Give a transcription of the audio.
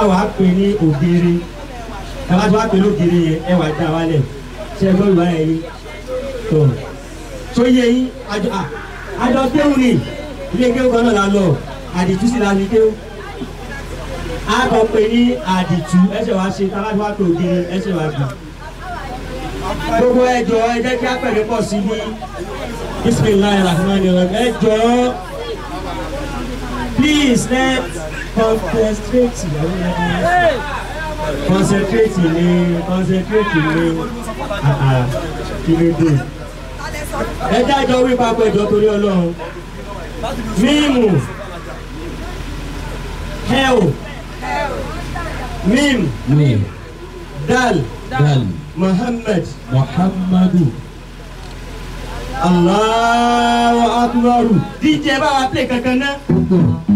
á wà á pè ní ògèrè tàbá tí wàá pè lógèrè yẹn ẹ wà dá wálẹ̀ ṣe é gbọ́dọ̀ báyẹn yín tó tó yẹ yín àjọ àjọ kéwù ni ilé kéwù kan náà la lọ àdìtú sí la ní kéwù á kọ pé ní àdìtú ẹsẹ̀ wàá ṣe tàbá tí wàá pè ògèrè ẹsẹ̀ wàá gbà gbogbo ẹjọ ẹ jẹ́ kí á pẹ̀lú pọ̀ sí ní bisimilayi rahman rahim ẹjọ. Please let concentrate concentrate ni concentrate ni ah, ah, kí ló dé ẹ dájọ wí papọ̀ ìjọ torí ọlọ́run mímu hell mim mim dal dal muhammad muhammadu allahu akbar díje bá wa pè kankan náà. Mm.